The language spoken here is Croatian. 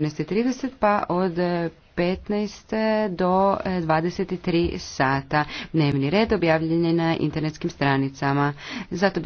13.30 pa od 15 eh, do 23 eh, sata. Dnevni red objavljen je na internetskim stranicama. Zato bi